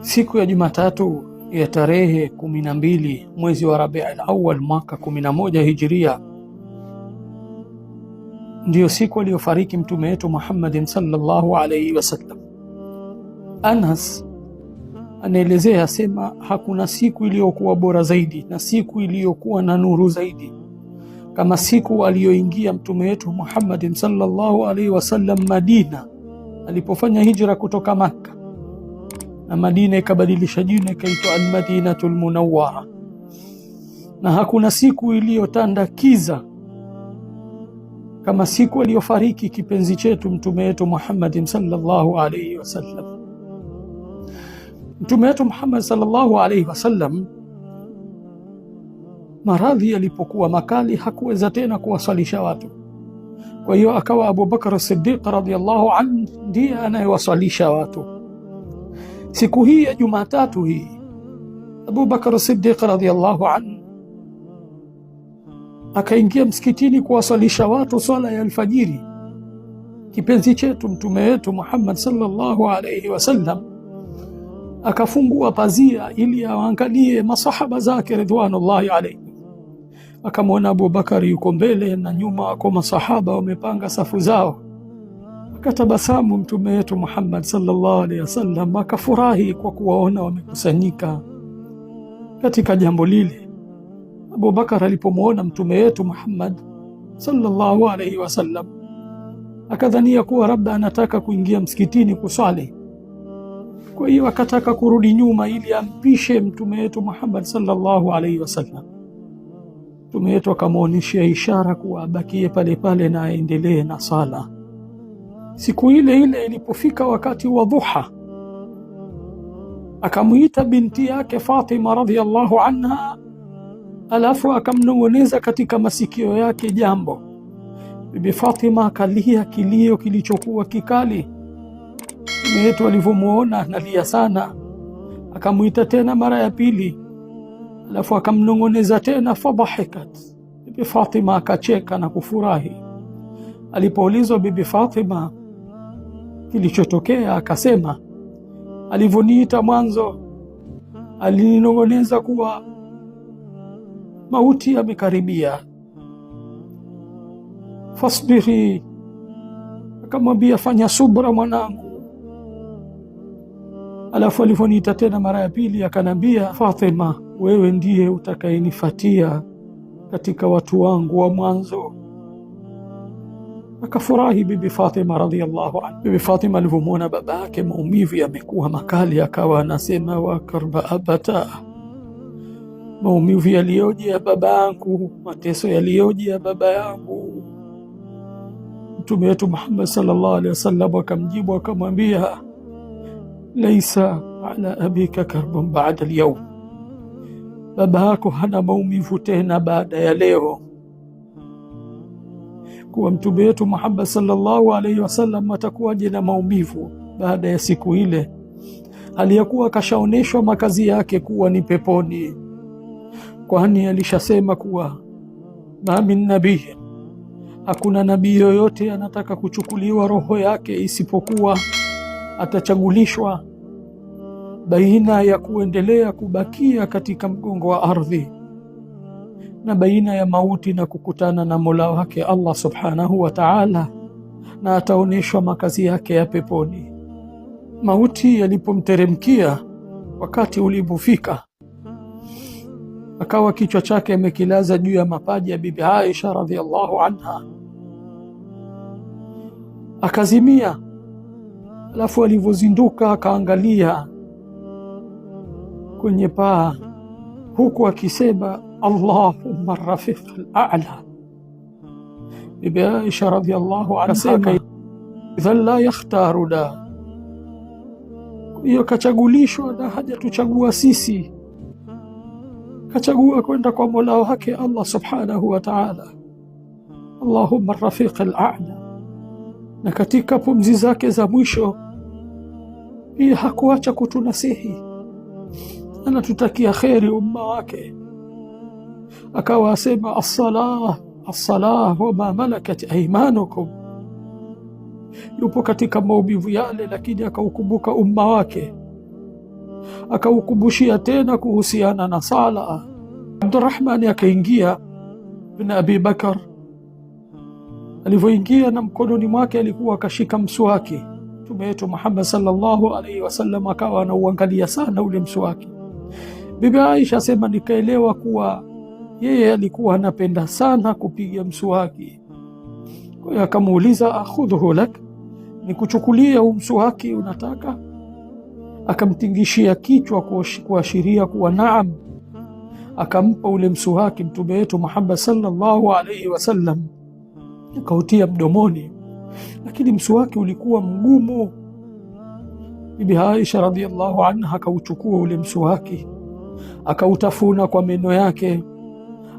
Siku ya Jumatatu ya tarehe kumi na mbili mwezi wa Rabiul Awwal mwaka kumi na moja Hijiria ndiyo siku aliyofariki mtume wetu Muhammadin sallallahu alaihi wasallam. Anas anaelezea asema, hakuna siku iliyokuwa bora zaidi na siku iliyokuwa na nuru zaidi kama siku aliyoingia mtume wetu Muhammadin sallallahu alaihi wasallam Madina, alipofanya hijra kutoka Makka na Madina ikabadilisha jina ikaitwa almadinatu Munawwara, na hakuna siku iliyotanda kiza kama siku aliyofariki kipenzi chetu mtume wetu Muhammadin sallallahu alaihi wasallam. Mtume wetu Muhammad sallallahu alaihi wasallam Maradhi yalipokuwa makali hakuweza tena kuwaswalisha watu, kwa hiyo akawa Abu Bakar Siddiq radhiallahu anhu ndiye anayewaswalisha watu. Siku hii ya Jumatatu hii Abu Bakar Siddiq radhiallahu anhu akaingia msikitini kuwaswalisha watu swala ya alfajiri. Kipenzi chetu mtume wetu Muhammad sallallahu alayhi wasallam akafungua pazia ili awaangalie masahaba zake ridwanullahi alayhi akamwona Abubakari yuko mbele na nyuma wako masahaba wamepanga safu zao, akatabasamu mtume wetu Muhammad sallallahu alaihi wasallam, akafurahi kwa kuwaona wamekusanyika katika jambo lile. Abubakar alipomwona mtume wetu Muhammad sallallahu alaihi wasallam akadhania kuwa labda anataka kuingia msikitini kuswali. Kwa hiyo akataka kurudi nyuma ili ampishe mtume wetu Muhammad sallallahu alaihi wasallam Mtume wetu akamwonyeshia ishara kuwa abakie pale pale na aendelee na sala. Siku ile ile ilipofika wakati wa dhuha, akamwita binti yake Fatima radhiallahu anha, alafu akamnong'oneza katika masikio yake jambo. Bibi Fatima akalia kilio kilichokuwa kikali. Mtume wetu alivyomwona analia sana, akamwita tena mara ya pili Alafu akamnong'oneza tena, fadhahikat, Bibi Fatima akacheka na kufurahi. Alipoulizwa Bibi Fatima kilichotokea, akasema alivyoniita mwanzo alininong'oneza kuwa mauti yamekaribia, fasbiri, akamwambia fanya subra mwanangu Alafu alivyoniita tena mara ya pili akanambia, Fatima, wewe ndiye utakayenifatia katika watu wangu wa mwanzo. Akafurahi Bibi Fatima radhiallahu anha. Bibi Fatima alivyomwona baba yake maumivu yamekuwa makali, akawa anasema wakarba abata, maumivu yaliyoje ya baba yangu, mateso yaliyoje ya baba yangu. Mtume wetu Muhammad sallallahu alaihi wasallam akamjibu akamwambia laisa ala abika karbun baada lyaum, baba yako hana maumivu tena baada ya leo. Kuwa mtume wetu Muhammad sallallahu alaihi wasallam atakuwaje na maumivu baada ya siku ile, aliyakuwa akashaonyeshwa makazi yake kuwa ni peponi, kwani alishasema kuwa ma min nabii, hakuna nabii yoyote anataka kuchukuliwa roho yake isipokuwa atachagulishwa baina ya kuendelea kubakia katika mgongo wa ardhi na baina ya mauti na kukutana na Mola wake Allah subhanahu wa ta'ala, na ataonyeshwa makazi yake ya peponi. Mauti yalipomteremkia, wakati ulipofika, akawa kichwa chake amekilaza juu ya mapaji ya Bibi Aisha radhiallahu anha, akazimia Alafu alivyozinduka akaangalia kwenye paa, huku akisema Allahumma rafiq al-a'la. Bibi Aisha radhiallahu anha idhan la yakhtaruna, hiyo kachagulishwa na hajatuchagua sisi, kachagua kwenda kwa mola wake Allah subhanahu wa ta'ala. Allahumma rafiq al-a'la. Na katika pumzi zake za mwisho pia hakuacha kutunasihi, anatutakia kheri umma wake, akawa asema assalah assalah wama malakat aimanukum. Yupo katika maumivu yale, lakini akaukumbuka umma wake, akaukumbushia tena kuhusiana na sala. Abdurahmani akaingia bin Abi Bakar, alivyoingia na mkononi mwake alikuwa akashika mswaki mtume wetu Muhammad sallallahu alaihi wasallam akawa anauangalia sana ule mswaki. Bibi Aisha asema nikaelewa kuwa yeye alikuwa anapenda sana kupiga mswaki. Kwa hiyo akamuuliza, akhudhuhu lak, nikuchukulia huu mswaki unataka? Akamtingishia kichwa kuashiria kuwa naam. Akampa ule mswaki mtume wetu Muhammad sallallahu alaihi wasallam, akautia mdomoni lakini msu wake ulikuwa mgumu. Bibi Aisha radhiallahu anha akauchukua ule wake akautafuna kwa meno yake,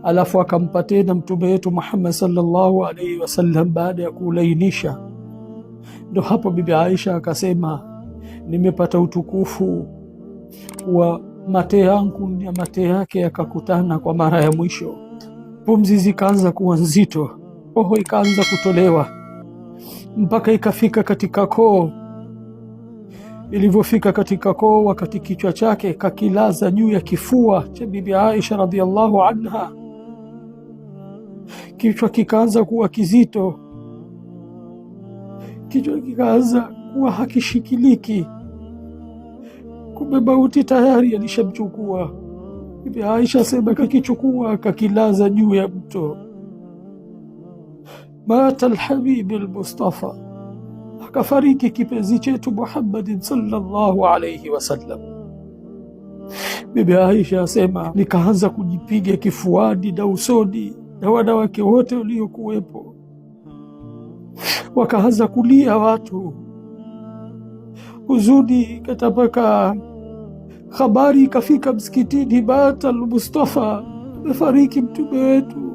alafu akampa tena mtume wetu Muhammad sallallahu alaihi wasallam baada ya kuulainisha. Ndo hapo Bibi Aisha akasema, nimepata utukufu wa mate yangu na mate yake yakakutana kwa mara ya mwisho. Pumzi zikaanza kuwa nzito, roho ikaanza kutolewa mpaka ikafika katika koo. Ilivyofika katika koo, wakati kichwa chake kakilaza juu ya kifua cha bibi Aisha radhiallahu anha, kichwa kikaanza kuwa kizito, kichwa kikaanza kuwa hakishikiliki. Kumbe mauti tayari alishamchukua bibi Aisha, sema kakichukua, kakilaza juu ya mto mata lhabibi lmustafa akafariki kipenzi chetu Muhammadin sallallahu alayhi wasallam. Bibi Aisha asema nikaanza kujipiga kifuani na usoni, na wanawake wote waliokuwepo wakaanza kulia, watu huzuni katapaka Habari ikafika msikitini, mata lmustafa amefariki mtume wetu